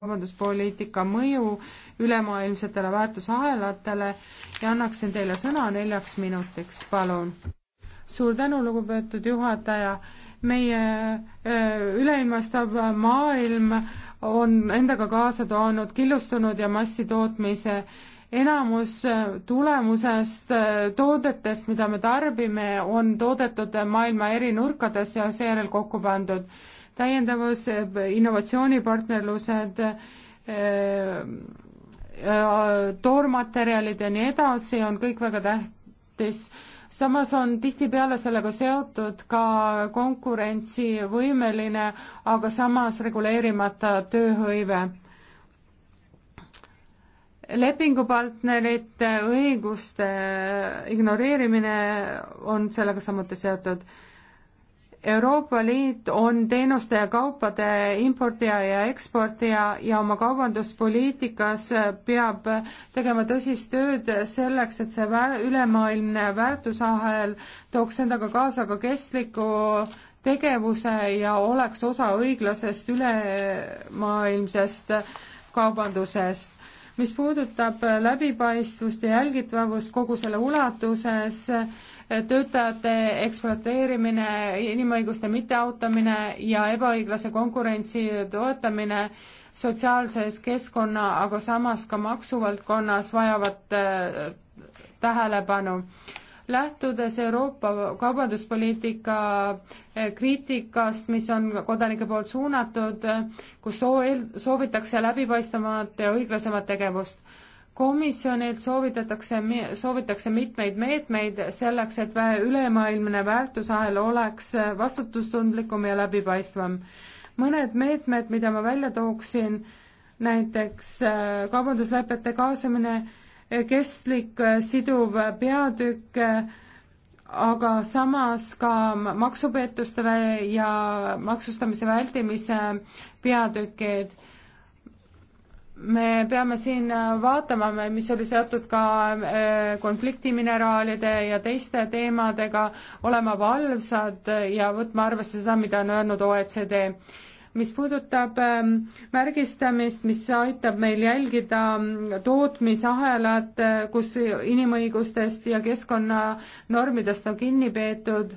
kaubanduspoliitika mõju ülemaailmsetele väärtusahelatele ja annaksin teile sõna neljaks minutiks, palun. suur tänu, lugupeetud juhataja. meie üleilmastav maailm on endaga kaasa toonud killustunud ja massitootmise enamus äh, tulemusest äh, toodetest, mida me tarbime, on toodetud maailma eri nurkades ja seejärel kokku pandud. täiendavus, äh, innovatsioonipartnerlused, toormaterjalid ja nii edasi on kõik väga tähtis samas on tihtipeale sellega seotud ka konkurentsivõimeline, aga samas reguleerimata tööhõive lepingupartnerite õiguste ignoreerimine on sellega samuti seotud. Euroopa Liit on teenuste ja kaupade importija ja eksportija ja oma kaubanduspoliitikas peab tegema tõsist tööd selleks, et see väär, ülemaailmne väärtusahel tooks endaga kaasa ka kestliku tegevuse ja oleks osa õiglasest ülemaailmsest kaubandusest mis puudutab äh, läbipaistvust ja jälgitavust kogu selle ulatuses, äh, töötajate ekspluateerimine, inimõiguste mitteautamine ja ebaõiglase konkurentsi toetamine sotsiaalses keskkonna, aga samas ka maksuvaldkonnas vajavad äh, tähelepanu lähtudes Euroopa kaubanduspoliitika eh, kriitikast, mis on kodanike poolt suunatud, kus soovitakse läbipaistvamat ja õiglasemat tegevust. komisjonilt soovitatakse, soovitakse mitmeid meetmeid selleks, et ülemaailmne väärtusahel oleks vastutustundlikum ja läbipaistvam. mõned meetmed, mida ma välja tooksin, näiteks eh, kaubanduslepete kaasamine kestlik äh, siduv peatükk, äh, aga samas ka maksupettuste ja maksustamise vältimise peatükid. me peame siin äh, vaatama, mis oli seotud ka konfliktimineraalide ja teiste teemadega, olema valvsad ja võtma arvesse seda, mida on öelnud OECD mis puudutab ähm, märgistamist, mis aitab meil jälgida mm, tootmisahelat, äh, kus inimõigustest ja keskkonnanormidest on kinni peetud,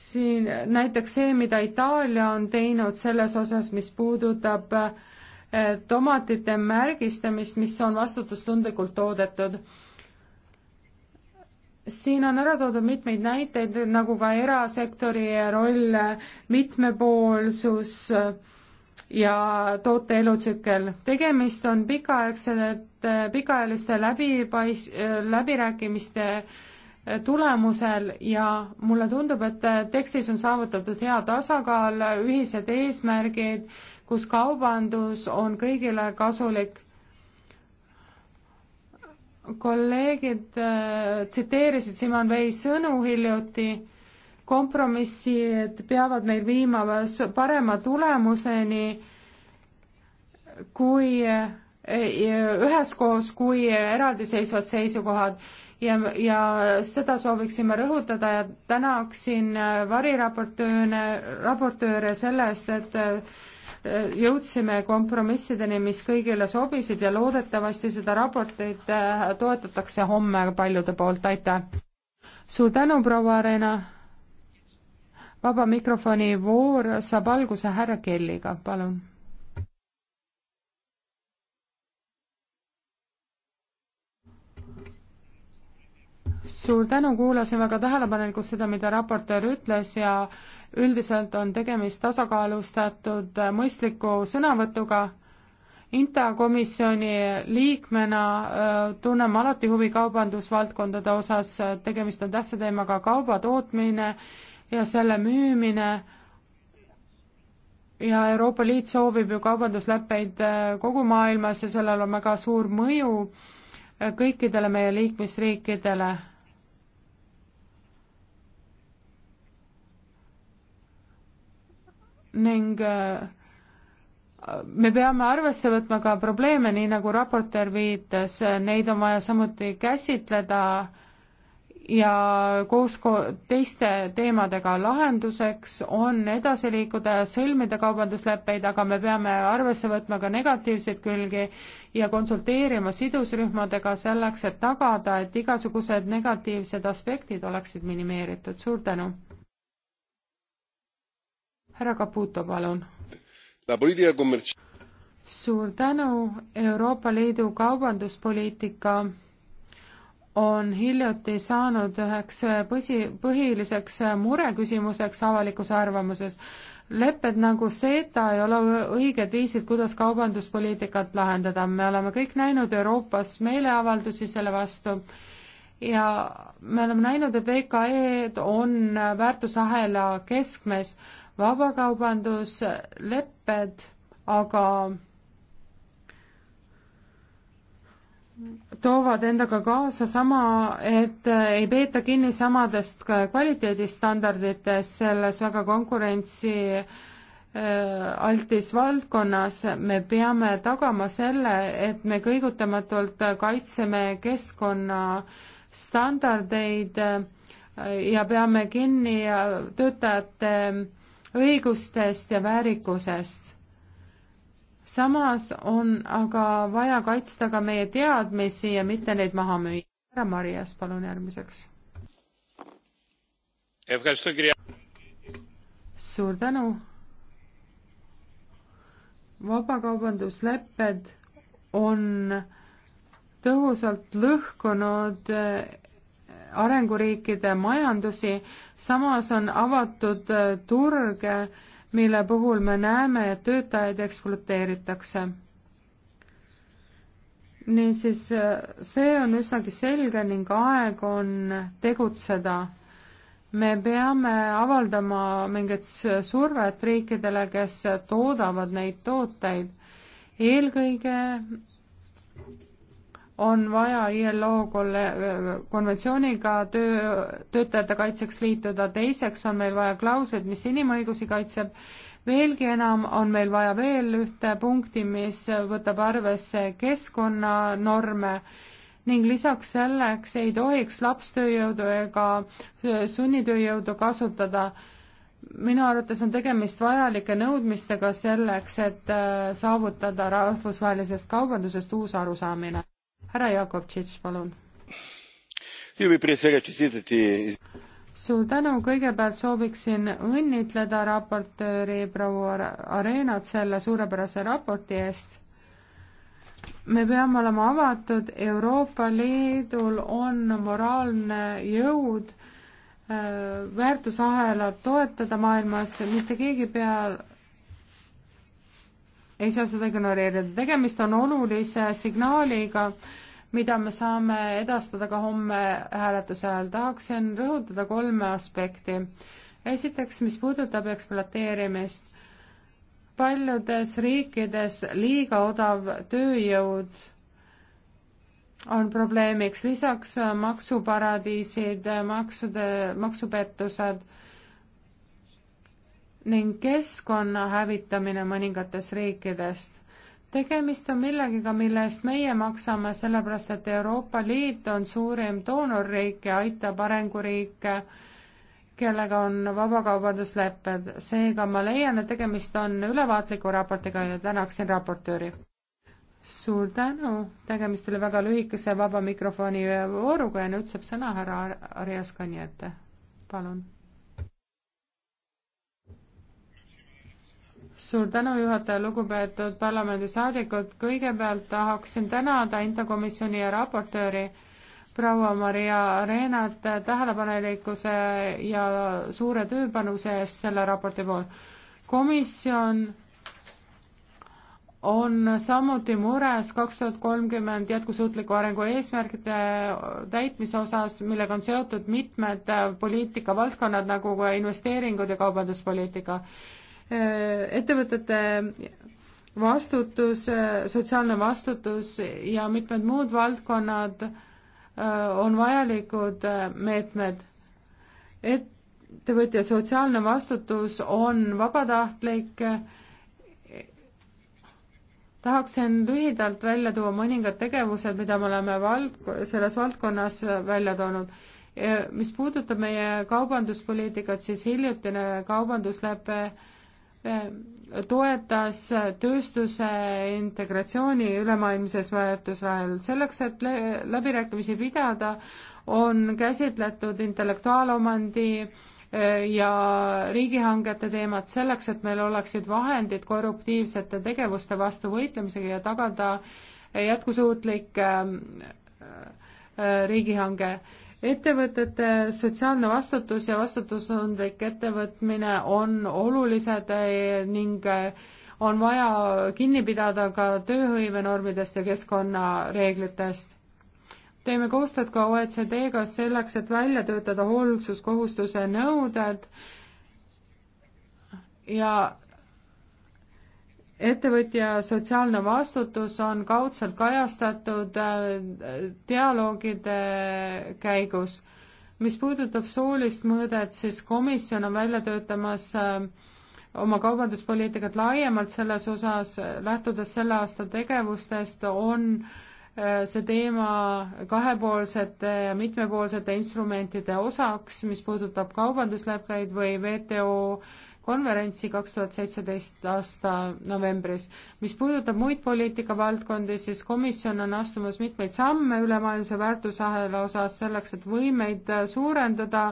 siin näiteks see, mida Itaalia on teinud selles osas, mis puudutab äh, tomatite märgistamist, mis on vastutustundlikult toodetud siin on ära toodud mitmeid näiteid, nagu ka erasektori roll, mitmepoolsus ja toote elutsükkel. tegemist on pikaaegsete, pikaajaliste läbipais-, läbirääkimiste tulemusel ja mulle tundub, et tekstis on saavutatud hea tasakaal, ühised eesmärgid, kus kaubandus on kõigile kasulik kolleegid äh, tsiteerisid Simon Vei sõnu hiljuti, kompromissid peavad meil viima parema tulemuseni kui äh, üheskoos kui eraldiseisvad seisukohad ja, ja seda sooviksime rõhutada ja tänaksin äh, variraportööre, raportööre selle eest, et jõudsime kompromissideni, mis kõigile sobisid ja loodetavasti seda raportit äh, toetatakse homme paljude poolt, aitäh! suur tänu, proua Arena! vaba mikrofoni voor saab alguse härra Kelliga, palun suur tänu, kuulasin väga tähelepanelikult seda, mida raportöör ütles ja üldiselt on tegemist tasakaalustatud äh, mõistliku sõnavõtuga. INTA komisjoni liikmena äh, tunnen ma alati huvi kaubandusvaldkondade osas, äh, tegemist on tähtsa teemaga, kauba tootmine ja selle müümine ja Euroopa Liit soovib ju kaubandusleppeid kogu maailmas ja sellel on väga suur mõju kõikidele meie liikmesriikidele ning äh, me peame arvesse võtma ka probleeme, nii nagu raportöör viitas, neid on vaja samuti käsitleda ja koos ko teiste teemadega lahenduseks on edasi liikuda ja sõlmida kaubandusleppeid, aga me peame arvesse võtma ka negatiivseid külgi ja konsulteerima sidusrühmadega selleks, et tagada, et igasugused negatiivsed aspektid oleksid minimeeritud. suur tänu! härra Caputo, palun. suur tänu, Euroopa Liidu kaubanduspoliitika on hiljuti saanud üheks põsi, põhiliseks mureküsimuseks avalikus arvamuses. lepped nagu CETA ei ole õiged viisid, kuidas kaubanduspoliitikat lahendada, me oleme kõik näinud Euroopas meeleavaldusi selle vastu ja me oleme näinud, et VKE-d on väärtusahela keskmes, vabakaubanduslepped aga toovad endaga kaasa sama, et ei peeta kinni samadest kvaliteedistandarditest selles väga konkurentsi äh, altis valdkonnas me peame tagama selle, et me kõigutamatult kaitseme keskkonnastandardeid äh, ja peame kinni äh, töötajate õigustest ja väärikusest. samas on aga vaja kaitsta ka meie teadmisi ja mitte neid maha müüa. härra Marias, palun järgmiseks. suur tänu. vabakaubanduslepped on tõhusalt lõhkunud arenguriikide majandusi, samas on avatud äh, turg, mille puhul me näeme, et töötajaid ekspluateeritakse. niisiis, äh, see on üsnagi selge ning aeg on tegutseda. me peame avaldama mingit survet riikidele, kes toodavad neid tooteid. eelkõige on vaja ILO konventsiooniga töö, töötajate kaitseks liituda, teiseks on meil vaja klauslit, mis inimõigusi kaitseb, veelgi enam on meil vaja veel ühte punkti, mis võtab arvesse keskkonnanorme ning lisaks selleks ei tohiks lapstööjõudu ega sunnitööjõudu kasutada. minu arvates on tegemist vajalike nõudmistega selleks, et äh, saavutada rahvusvahelisest kaubandusest uus arusaamine härra Jakovtšitš, palun. suur tänu, kõigepealt sooviksin õnnitleda raportööri proua Arenat selle suurepärase raporti eest me peame olema avatud, Euroopa Liidul on moraalne jõud äh, väärtusahelat toetada maailmas, mitte keegi peal ei saa seda ignoreerida, tegemist on olulise signaaliga mida me saame edastada ka homme hääletuse ajal. tahaksin rõhutada kolme aspekti. esiteks, mis puudutab ekspluateerimist. paljudes riikides liiga odav tööjõud on probleemiks, lisaks maksuparadiisid, maksude, maksupettused ning keskkonna hävitamine mõningatest riikidest tegemist on millegiga, mille eest meie maksame, sellepärast et Euroopa Liit on suurim doonorriik ja aitab arenguriike, kellega on vabakaubanduslepped. seega ma leian, et tegemist on ülevaatliku raportiga ja tänaksin raportööri. suur tänu, tegemist oli väga lühikese vaba mikrofoni vooruga ja nüüd saab sõna härra Arias Kanjete, palun suur tänu, juhataja, lugupeetud parlamendisaadikud, kõigepealt tahaksin tänada Intokomisjoni ja raportööri proua Maria Areenat tähelepanelikkuse ja suure tööpanuse eest selle raporti puhul. komisjon on samuti mures kaks tuhat kolmkümmend jätkusuutliku arengu eesmärkide täitmise osas, millega on seotud mitmed poliitikavaldkonnad nagu investeeringud ja kaubanduspoliitika ettevõtete vastutus, sotsiaalne vastutus ja mitmed muud valdkonnad äh, on vajalikud äh, meetmed. ettevõtja sotsiaalne vastutus on vabatahtlik. tahaksin lühidalt välja tuua mõningad tegevused, mida me oleme vald-, selles valdkonnas välja toonud. Äh, mis puudutab meie kaubanduspoliitikat, siis hiljutine kaubanduslepe toetas tööstuse integratsiooni ülemaailmses väärtusrahel. selleks, et läbirääkimisi pidada, on käsitletud intellektuaalomandi eh, ja riigihangete teemad selleks, et meil oleksid vahendid korruptiivsete tegevuste vastu võitlemisega ja tagada jätkusuutlik eh, eh, riigihange ettevõtete sotsiaalne vastutus ja vastutustundlik ettevõtmine on olulised eh, ning eh, on vaja kinni pidada ka tööhõivenormidest ja keskkonnareeglitest. teeme koostööd ka OECD-ga selleks, et välja töötada hoolsuskohustuse nõuded ja ettevõtja sotsiaalne vastutus on kaudselt kajastatud äh, dialoogide käigus. mis puudutab soolist mõõdet, siis komisjon on välja töötamas äh, oma kaubanduspoliitikat laiemalt selles osas, lähtudes selle aasta tegevustest, on äh, see teema kahepoolsete ja mitmepoolsete instrumentide osaks, mis puudutab kaubandusleppeid või WTO konverentsi kaks tuhat seitseteist aasta novembris. mis puudutab muid poliitikavaldkondi, siis komisjon on astumas mitmeid samme ülemaailmse väärtusahela osas selleks, et võimeid suurendada,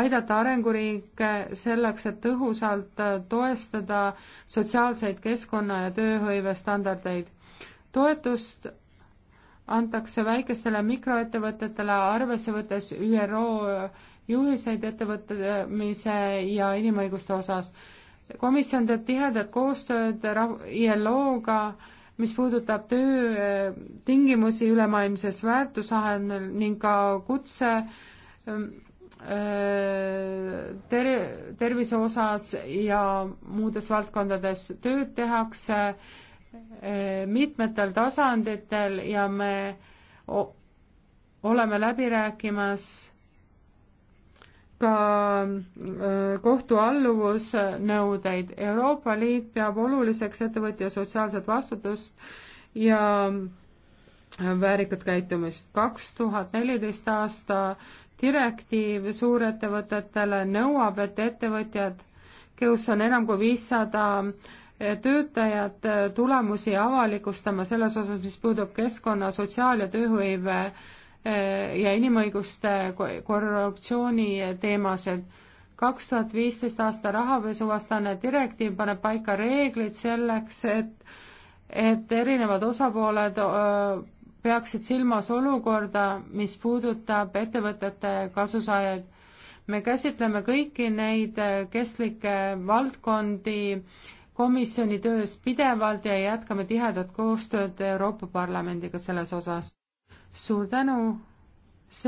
aidata arenguriike selleks, et tõhusalt toestada sotsiaalseid keskkonna ja tööhõive standardeid. toetust antakse väikestele mikroettevõtetele, arvesse võttes ÜRO juhiseid ettevõtmise ja inimõiguste osas. komisjon teeb tihedat koostööd ILO-ga, mis puudutab töötingimusi ülemaailmses väärtusahenel ning ka kutse ähm, äh, ter-, tervise osas ja muudes valdkondades tööd tehakse äh, mitmetel tasanditel ja me oleme läbi rääkimas ka äh, kohtualluvusnõudeid. Euroopa Liit peab oluliseks ettevõtja sotsiaalset vastutust ja äh, väärikat käitumist. kaks tuhat neliteist aasta direktiiv suurettevõtetele nõuab, et ettevõtjad, kus on enam kui viissada äh, töötajat, tulemusi avalikustama selles osas, mis puudub keskkonna, sotsiaal- ja tööhõive ja inimõiguste korruptsiooni teemased. kaks tuhat viisteist aasta rahapesuvastane direktiiv paneb paika reeglid selleks, et, et erinevad osapooled peaksid silmas olukorda, mis puudutab ettevõtete kasusaajaid. me käsitleme kõiki neid kestlikke valdkondi komisjoni töös pidevalt ja jätkame tihedat koostööd Euroopa Parlamendiga selles osas suur tänu